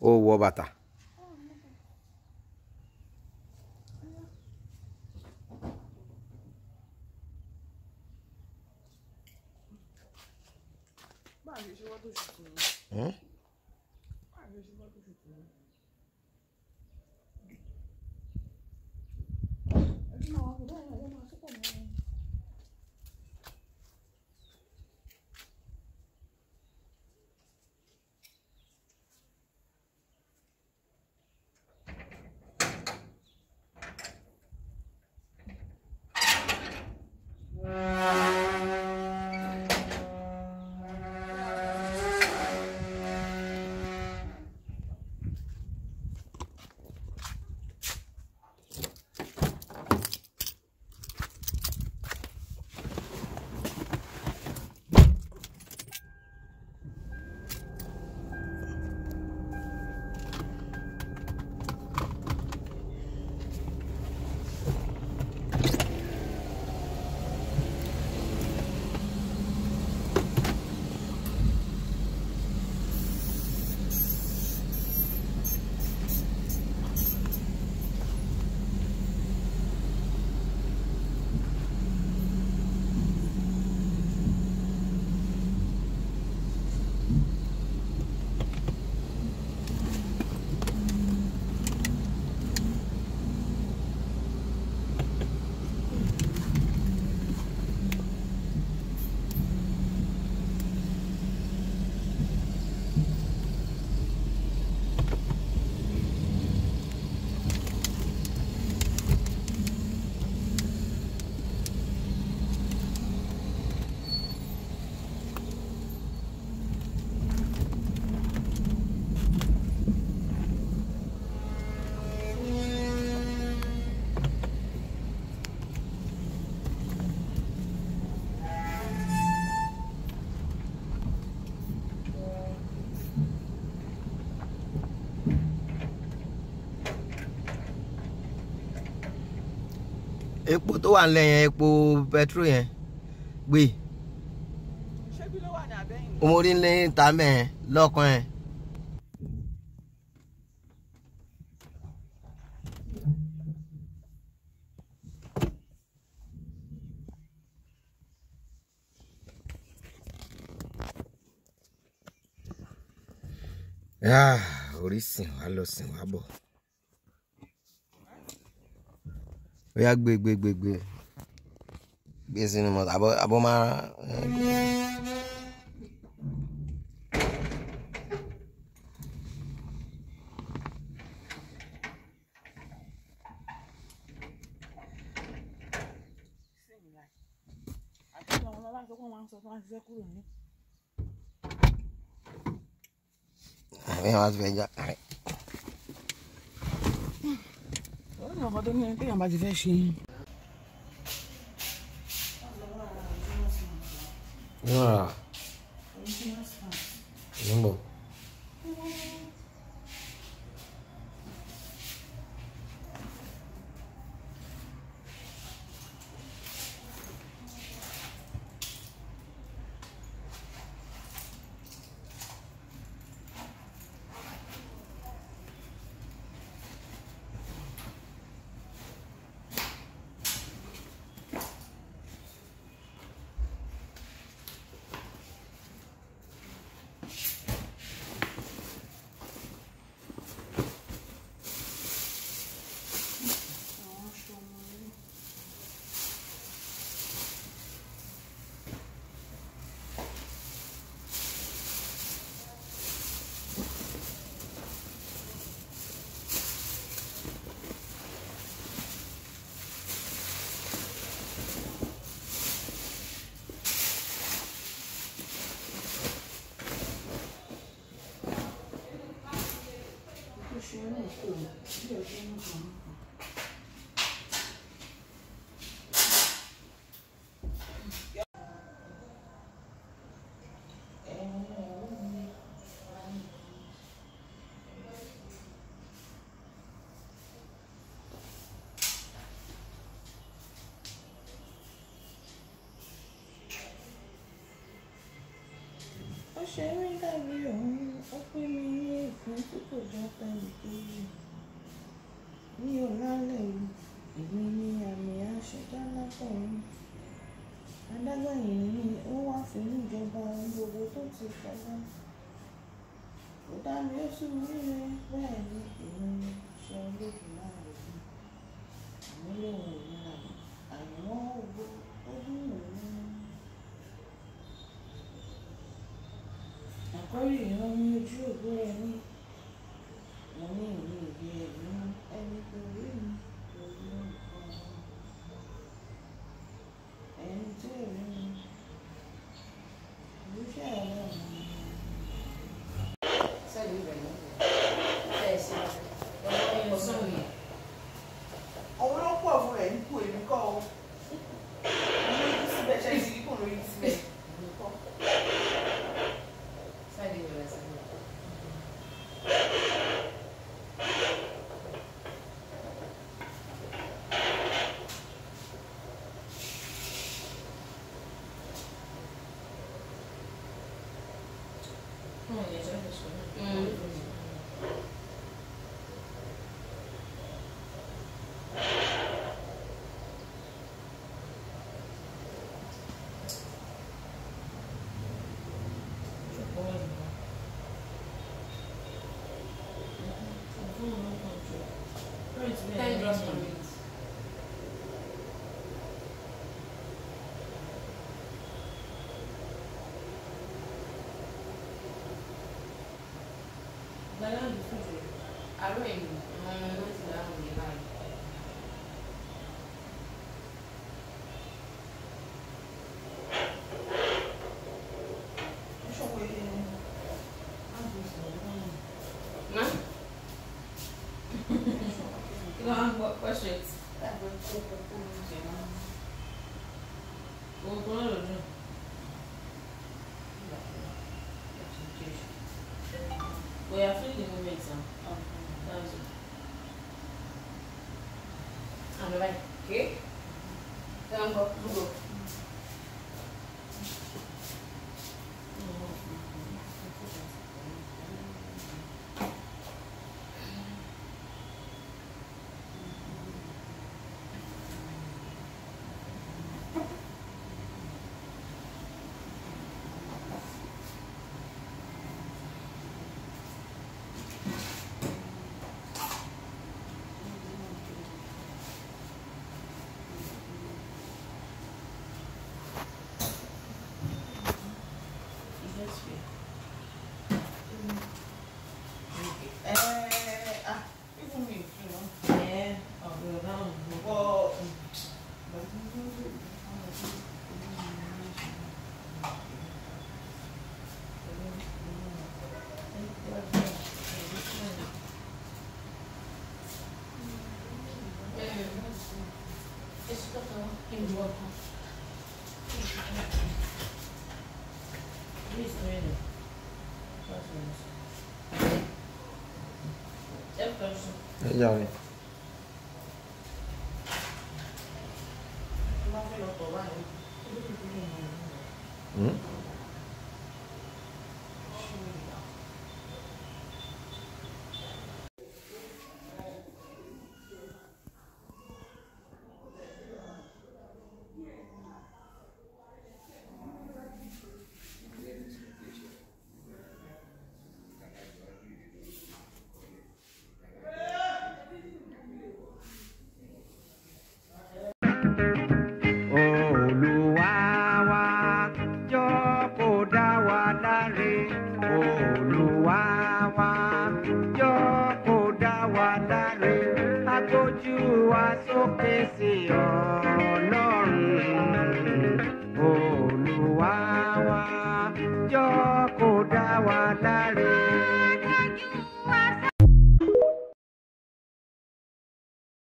ou o Obatá. epo tó wà nílẹ̀ yẹn epo petro yẹn gbé omori ńlẹ̀ ta mẹ́ẹ̀ lọ́kàn yẹn. Ah, orísìn wa lọ sìn wá bọ̀. ó yá gbé gbé gbé gbé gbé sínú mọ́tò àbọ̀ àbọ̀ máa. Àwọn èèyàn wá ti fẹ́ Não, mas não tem mais de vestir. Assim. Ah. Vamos. Achei ainda viu, o primeiro evento que eu já aprendi. ní ọ̀làlẹ̀ mi èmi àmì àṣetá lákọ̀ọ́rùn adájọ́ yìí ni ó wá fínú ìjọba gbogbo tó ti kọjá kò dá mi ó sì mú mi bẹ́ẹ̀ ni èmi ni ṣe olóògùn láàrin mi àmúlò òmìnira mi àyànwọ́ ògbó ó dún òmìnira àkọ́rí ìran mi ojú ògbó rẹ ní. relacionamentos. Ganhando, fugiu. Aruendo. questions. We are free the moment sir. That's it. And right. Okay. Then go. Go. Hum. Oh. Jovem. wà láre agbójú wa sókè sí ọlọ́run olùwà wa jọ́ dá wa láre.